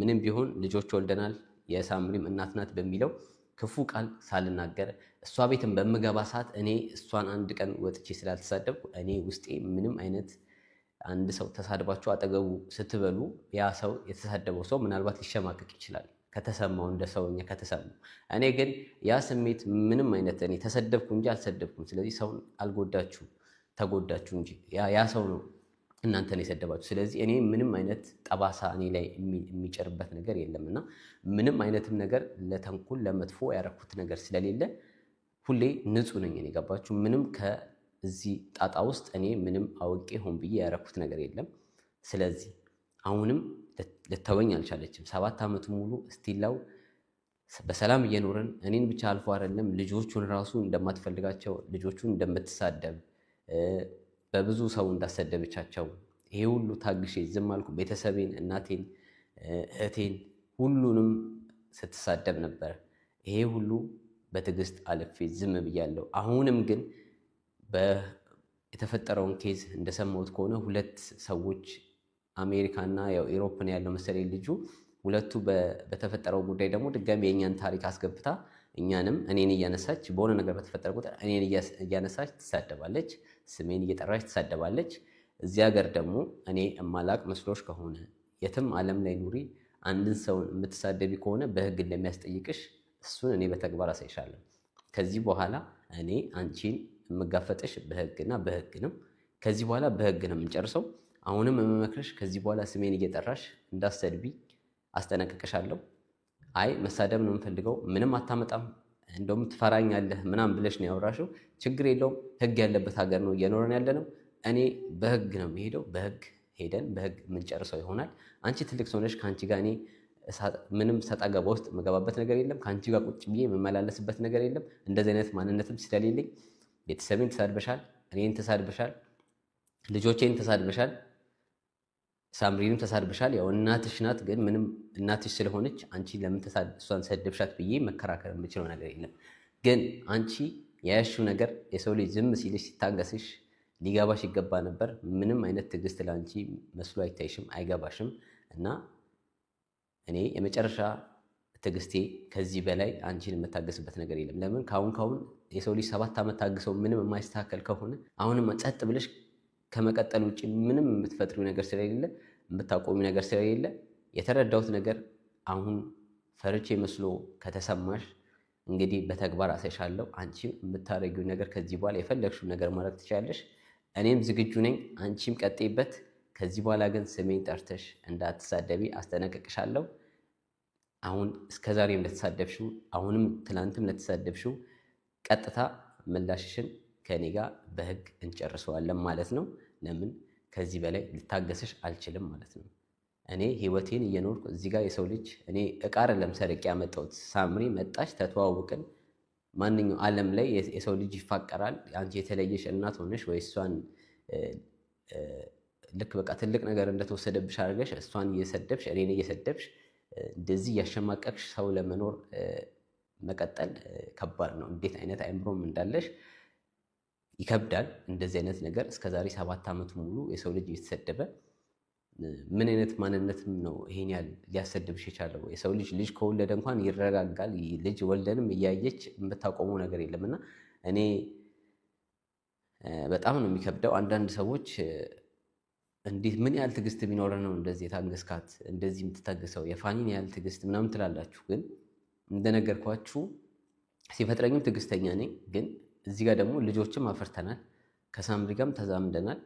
ምንም ቢሆን ልጆች ወልደናል፣ የሳምሪም እናት ናት በሚለው ክፉ ቃል ሳልናገር እሷ ቤትን በምገባ ሰዓት እኔ እሷን አንድ ቀን ወጥቼ ስላልተሳደብኩ እኔ ውስጤ ምንም አይነት አንድ ሰው ተሳድባችሁ አጠገቡ ስትበሉ ያ ሰው የተሳደበው ሰው ምናልባት ሊሸማቀቅ ይችላል፣ ከተሰማው እንደ ሰውኛ ከተሰማው። እኔ ግን ያ ስሜት ምንም አይነት እኔ ተሰደብኩ እንጂ አልሰደብኩም። ስለዚህ ሰውን አልጎዳችሁ፣ ተጎዳችሁ እንጂ ያ ሰው ነው እናንተን የሰደባችሁ። ስለዚህ እኔ ምንም አይነት ጠባሳ እኔ ላይ የሚጭርበት ነገር የለም እና ምንም አይነትም ነገር ለተንኩል ለመጥፎ ያረኩት ነገር ስለሌለ ሁሌ ንጹህ ነኝ። እኔ ገባችሁ? ምንም ከዚህ ጣጣ ውስጥ እኔ ምንም አውቄ ሆን ብዬ ያረኩት ነገር የለም። ስለዚህ አሁንም ልተወኝ አልቻለችም። ሰባት ዓመት ሙሉ እስቲላው በሰላም እየኖረን እኔን ብቻ አልፎ አይደለም ልጆቹን ራሱ እንደማትፈልጋቸው ልጆቹን እንደምትሳደብ በብዙ ሰው እንዳሰደበቻቸው ይሄ ሁሉ ታግሼ ዝም አልኩ። ቤተሰቤን፣ እናቴን፣ እህቴን ሁሉንም ስትሳደብ ነበር። ይሄ ሁሉ በትዕግስት አልፌ ዝም ብያለሁ። አሁንም ግን የተፈጠረውን ኬዝ እንደሰማሁት ከሆነ ሁለት ሰዎች አሜሪካና ያው ኢሮፕን ያለው መሰለኝ ልጁ ሁለቱ በተፈጠረው ጉዳይ ደግሞ ድጋሚ የእኛን ታሪክ አስገብታ እኛንም እኔን እያነሳች በሆነ ነገር በተፈጠረ ቁጥር እኔን እያነሳች ትሳደባለች። ስሜን እየጠራች ትሳደባለች። እዚህ ሀገር ደግሞ እኔ እማላቅ መስሎች ከሆነ የትም ዓለም ላይ ኑሪ፣ አንድን ሰውን የምትሳደቢ ከሆነ በህግ እንደሚያስጠይቅሽ እሱን እኔ በተግባር አሳይሻለሁ። ከዚህ በኋላ እኔ አንቺን የምጋፈጥሽ በህግና በህግ ነው። ከዚህ በኋላ በህግ ነው የምንጨርሰው። አሁንም የምመክርሽ ከዚህ በኋላ ስሜን እየጠራሽ እንዳሰድቢ አስጠነቅቅሻለሁ። አይ መሳደብ ነው የምፈልገው፣ ምንም አታመጣም እንደውም ትፈራኛለህ ምናም ብለሽ ነው ያወራሽው። ችግር የለውም ህግ ያለበት ሀገር ነው እየኖረን ያለ ነው። እኔ በህግ ነው የሚሄደው። በህግ ሄደን በህግ የምንጨርሰው ይሆናል። አንቺ ትልቅ ሰው ከአንቺ ጋር እኔ ምንም ሰጣ ገባ ውስጥ የምገባበት ነገር የለም። ከአንቺ ጋር ቁጭ ብዬ የምመላለስበት ነገር የለም። እንደዚህ አይነት ማንነትም ስለሌለኝ ቤተሰብን ትሳድበሻል፣ እኔን ትሳድበሻል፣ ልጆቼን ትሳድበሻል። ሳምሪንም ተሳድብሻል። ያው እናትሽ ናት፣ ግን ምንም እናትሽ ስለሆነች አንቺ ለምን እሷን ሰደብሻት ብዬ መከራከር የምችለው ነገር የለም። ግን አንቺ ያያሽው ነገር የሰው ልጅ ዝም ሲልሽ ሲታገስሽ ሊገባሽ ይገባ ነበር። ምንም አይነት ትዕግስት ለአንቺ መስሎ አይታይሽም፣ አይገባሽም። እና እኔ የመጨረሻ ትዕግስቴ ከዚህ በላይ አንቺን የምታገስበት ነገር የለም። ለምን ካሁን ካሁን የሰው ልጅ ሰባት ዓመት ታግሰው ምንም የማይስተካከል ከሆነ አሁንም ጸጥ ብለሽ ከመቀጠል ውጭ ምንም የምትፈጥሪው ነገር ስለሌለ የምታቆሚ ነገር ስለሌለ የተረዳሁት ነገር አሁን ፈርቼ መስሎ ከተሰማሽ እንግዲህ በተግባር አሳይሻለሁ። አንቺም የምታደርጊው ነገር ከዚህ በኋላ የፈለግሽው ነገር ማድረግ ትችላለሽ። እኔም ዝግጁ ነኝ። አንቺም ቀጤበት። ከዚህ በኋላ ግን ስሜን ጠርተሽ እንዳትሳደቢ አስጠነቅቅሻለሁ። አሁን እስከ ዛሬም ለተሳደብሽው፣ አሁንም ትናንትም ለተሳደብሽው ቀጥታ ምላሽሽን ከኔ ጋር በህግ እንጨርሰዋለን ማለት ነው ለምን ከዚህ በላይ ልታገስሽ አልችልም ማለት ነው። እኔ ህይወቴን እየኖርኩ እዚህ ጋር የሰው ልጅ እኔ እቃ አይደለም ሰርቄ ያመጣሁት። ሳምሪ መጣች፣ ተተዋውቅን። ማንኛው ዓለም ላይ የሰው ልጅ ይፋቀራል። አንቺ የተለየሽ እናት ሆነሽ ወይ እሷን ልክ በቃ ትልቅ ነገር እንደተወሰደብሽ አድርገሽ እሷን እየሰደብሽ እኔን እየሰደብሽ እንደዚህ እያሸማቀቅሽ ሰው ለመኖር መቀጠል ከባድ ነው። እንዴት አይነት አይምሮም እንዳለሽ ይከብዳል። እንደዚህ አይነት ነገር እስከዛሬ ሰባት ዓመቱ ሙሉ የሰው ልጅ እየተሰደበ ምን አይነት ማንነትም ነው ይሄን ያህል ሊያሰድብሽ የቻለው? የሰው ልጅ ልጅ ከወለደ እንኳን ይረጋጋል። ልጅ ወልደንም እያየች የምታቆመው ነገር የለም እና እኔ በጣም ነው የሚከብደው። አንዳንድ ሰዎች እንዴት ምን ያህል ትዕግስት ቢኖረ ነው እንደዚህ የታገስካት እንደዚህ የምትታገሰው የፋኒን ያህል ትዕግስት ምናምን ትላላችሁ። ግን እንደነገርኳችሁ ሲፈጥረኝም ትዕግስተኛ ነኝ ግን እዚህ ጋር ደግሞ ልጆችም አፍርተናል። ከሳምሪ ጋርም ተዛምደናል።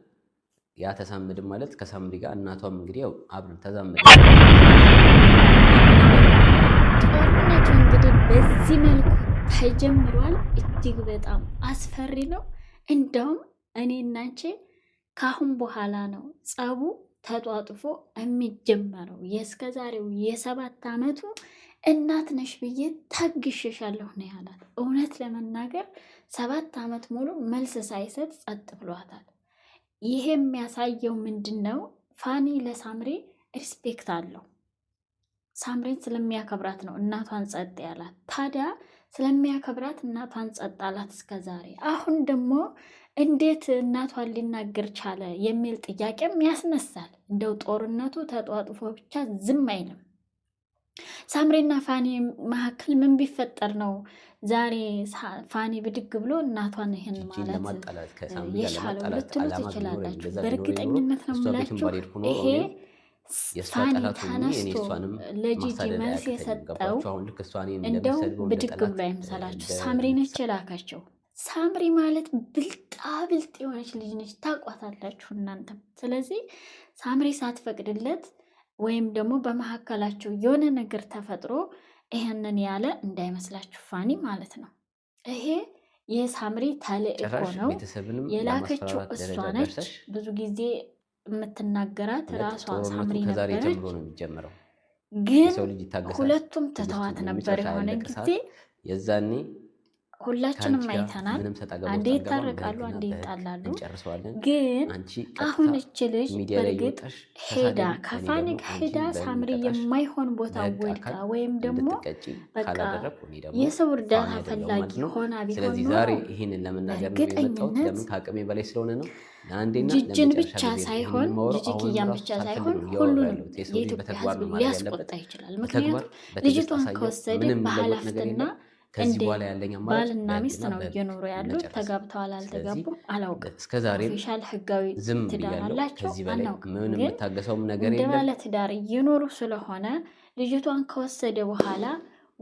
ያ ተሳምድም ማለት ከሳምሪ ጋር እናቷም እንግዲህ ያው አብረን ተዛምደን ጦርነቱ እንግዲህ በዚህ መልኩ ተጀምሯል። እጅግ በጣም አስፈሪ ነው። እንደውም እኔ እናንቼ ካሁን በኋላ ነው ጸቡ ተጧጥፎ የሚጀመረው የእስከዛሬው የሰባት ዓመቱ እናት ነሽ ብዬ ታግሸሻለሁ ነው ያላት። እውነት ለመናገር ሰባት ዓመት ሙሉ መልስ ሳይሰጥ ጸጥ ብሏታል። ይሄ የሚያሳየው ምንድን ነው? ፋኒ ለሳምሪ ሪስፔክት አለው። ሳምሬን ስለሚያከብራት ነው እናቷን ጸጥ ያላት። ታዲያ ስለሚያከብራት እናቷን ጸጣላት እስከ ዛሬ። አሁን ደግሞ እንዴት እናቷን ሊናገር ቻለ የሚል ጥያቄም ያስነሳል። እንደው ጦርነቱ ተጧጥፎ ብቻ ዝም አይልም። ሳምሬና ፋኒ መካከል ምን ቢፈጠር ነው ዛሬ ፋኒ ብድግ ብሎ እናቷን ይህን ማለት የሻለው ልትሉ ትችላላችሁ። በእርግጠኝነት ነው የምላችሁ ይሄ ፋኒ ተነስቶ ለጂጂ መልስ የሰጠው እንደው ብድግ ብሎ አይምሰላችሁ፣ ሳምሪ ነች የላካቸው። ሳምሪ ማለት ብልጣ ብልጥ የሆነች ልጅ ነች፣ ታቋታላችሁ እናንተም። ስለዚህ ሳምሪ ሳትፈቅድለት ወይም ደግሞ በመካከላቸው የሆነ ነገር ተፈጥሮ ይህንን ያለ እንዳይመስላችሁ ፋኒ ማለት ነው። ይሄ የሳምሪ ተልእኮ ነው፣ የላከችው እሷ ነች። ብዙ ጊዜ የምትናገራት ራሷ ሳምሪ ነበረች። ግን ሁለቱም ትተዋት ነበር የሆነ ጊዜ የዛኔ ሁላችንም አይተናል። አንዴ ይታረቃሉ፣ አንዴ ይጣላሉ። ግን አሁን እች ልጅ በእርግጥ ሄዳ ከፋኒክ ሄዳ ሳምሪ የማይሆን ቦታ ወድቃ ወይም ደግሞ በቃ የሰው እርዳታ ፈላጊ ሆና ቢሆን እርግጠኝነት ጅጅን ብቻ ሳይሆን ጅጅክያን ብቻ ሳይሆን ሁሉን የኢትዮጵያ ሕዝብ ሊያስቆጣ ይችላል። ምክንያቱም ልጅቷን ከወሰደ በኃላፊትና ከዚህ በኋላ ያለኝ ባልና ሚስት ነው እየኖሩ ያሉት። ተጋብተዋል አልተጋቡም አላውቅም። እስከ ኦፊሻል ህጋዊ ዝም አላቸው ምን የምታገሰውም ነገር የለም። እንደ ባለ ትዳር እየኖሩ ስለሆነ ልጅቷን ከወሰደ በኋላ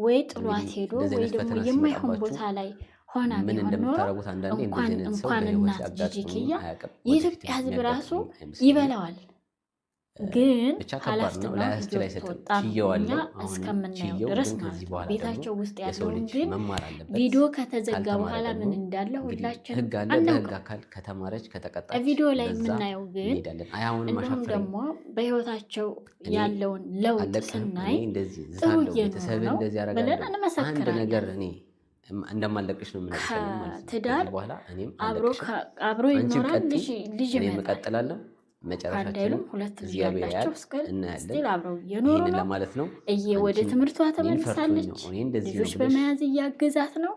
ወይ ጥሏት ሄዶ ወይ ደግሞ የማይሆን ቦታ ላይ ሆና ቢሆን ኖሮ እንኳን እናት ጂጂክያ የኢትዮጵያ ህዝብ ራሱ ይበላዋል። ግን እስከምናየው ድረስ ማለት ቤታቸው ውስጥ ያለውን ግን ቪዲዮ ከተዘጋ በኋላ ምን እንዳለ ሁላችን ከተማረች ከተቀጣ ቪዲዮ ላይ የምናየው ግን እንዲሁም ደግሞ በህይወታቸው ያለውን ለውጥ ስናይ ጥሩ እየኖሩ ነው ብለን እንመሰክራለን። እንደማለቅሽ ነው ምንትዳር አብሮ ይኖራል፣ ልጅ ይመጣል። መጨረሻችን ሁለት ያላቸው ስል አብረው እየኖሩ ነው ለማለት ነው። እየ ወደ ትምህርቷ ተመልሳለች። ልጆች በመያዝ እያገዛት ነው።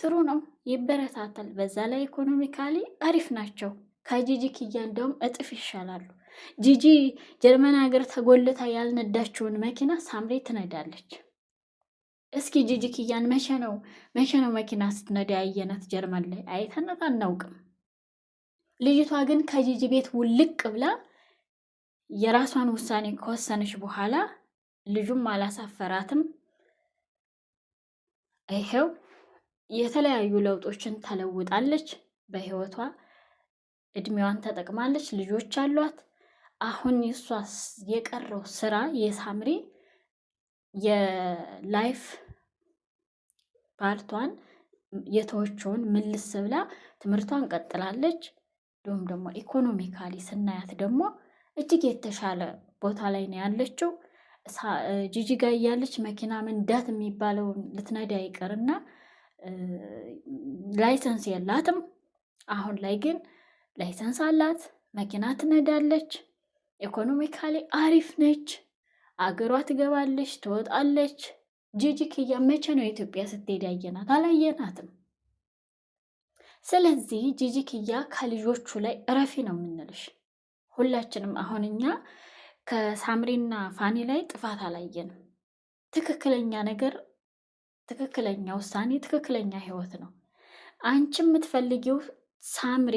ጥሩ ነው፣ ይበረታታል። በዛ ላይ ኢኮኖሚካሊ አሪፍ ናቸው። ከጂጂ ኪያ እንደውም እጥፍ ይሻላሉ። ጂጂ ጀርመን ሀገር ተጎልታ ያልነዳችውን መኪና ሳምሬ ትነዳለች። እስኪ ጂጂ ክያን መቼ ነው መቼ ነው መኪና ስትነዳ ያየናት? ጀርመን ላይ አይተናት አናውቅም። ልጅቷ ግን ከጂጂ ቤት ውልቅ ብላ የራሷን ውሳኔ ከወሰነች በኋላ ልጁም አላሳፈራትም። ይሄው የተለያዩ ለውጦችን ተለውጣለች በህይወቷ። እድሜዋን ተጠቅማለች። ልጆች አሏት። አሁን እሷ የቀረው ስራ የሳምሪ የላይፍ ፓርቷን የተወችውን ምልስ ብላ ትምህርቷን ቀጥላለች። እንዲሁም ደግሞ ኢኮኖሚካሊ ስናያት ደግሞ እጅግ የተሻለ ቦታ ላይ ነው ያለችው። ጂጂጋ እያለች መኪና መንዳት የሚባለውን ልትነዳ ይቅርና ላይሰንስ የላትም። አሁን ላይ ግን ላይሰንስ አላት፣ መኪና ትነዳለች፣ ኢኮኖሚካሊ አሪፍ ነች። አገሯ ትገባለች፣ ትወጣለች። ጂጂ ኪያ መቼ ነው ኢትዮጵያ ስትሄድ ያየናት? አላየናትም። ስለዚህ ጂጂክያ ከልጆቹ ላይ እረፊ ነው የምንልሽ ሁላችንም። አሁን እኛ ከሳምሪና ፋኒ ላይ ጥፋት አላየንም። ትክክለኛ ነገር፣ ትክክለኛ ውሳኔ፣ ትክክለኛ ህይወት ነው። አንቺ የምትፈልጊው ሳምሪ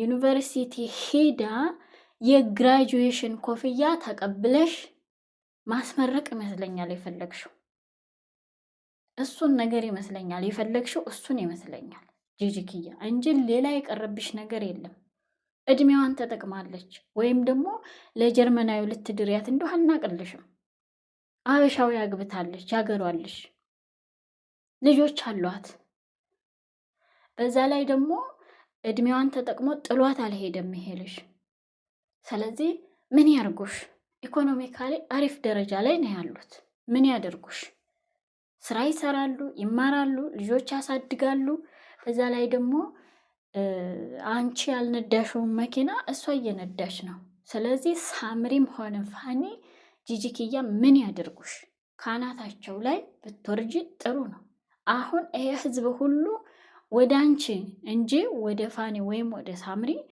ዩኒቨርሲቲ ሄዳ የግራጁዌሽን ኮፍያ ተቀብለሽ ማስመረቅ ይመስለኛል የፈለግሽው። እሱን ነገር ይመስለኛል የፈለግሽው፣ እሱን ይመስለኛል ጂጂክያ እንጂ ሌላ የቀረብሽ ነገር የለም። እድሜዋን ተጠቅማለች፣ ወይም ደግሞ ለጀርመናዊ ልትድርያት እንደሁ አናቅልሽም። አበሻዊ አግብታለች፣ ያገሯልሽ፣ ልጆች አሏት። በዛ ላይ ደግሞ እድሜዋን ተጠቅሞ ጥሏት አልሄደም ይሄልሽ። ስለዚህ ምን ያርጉሽ? ኢኮኖሚካሊ አሪፍ ደረጃ ላይ ነው ያሉት። ምን ያደርጉሽ? ስራ ይሰራሉ፣ ይማራሉ፣ ልጆች ያሳድጋሉ። በዛ ላይ ደግሞ አንቺ ያልነዳሽውን መኪና እሷ እየነዳሽ ነው። ስለዚህ ሳምሪም ሆነ ፋኒ ጂጂክያ ምን ያደርጉሽ? ካናታቸው ላይ ብትወርጂ ጥሩ ነው። አሁን ይሄ ህዝብ ሁሉ ወደ አንቺ እንጂ ወደ ፋኒ ወይም ወደ ሳምሪ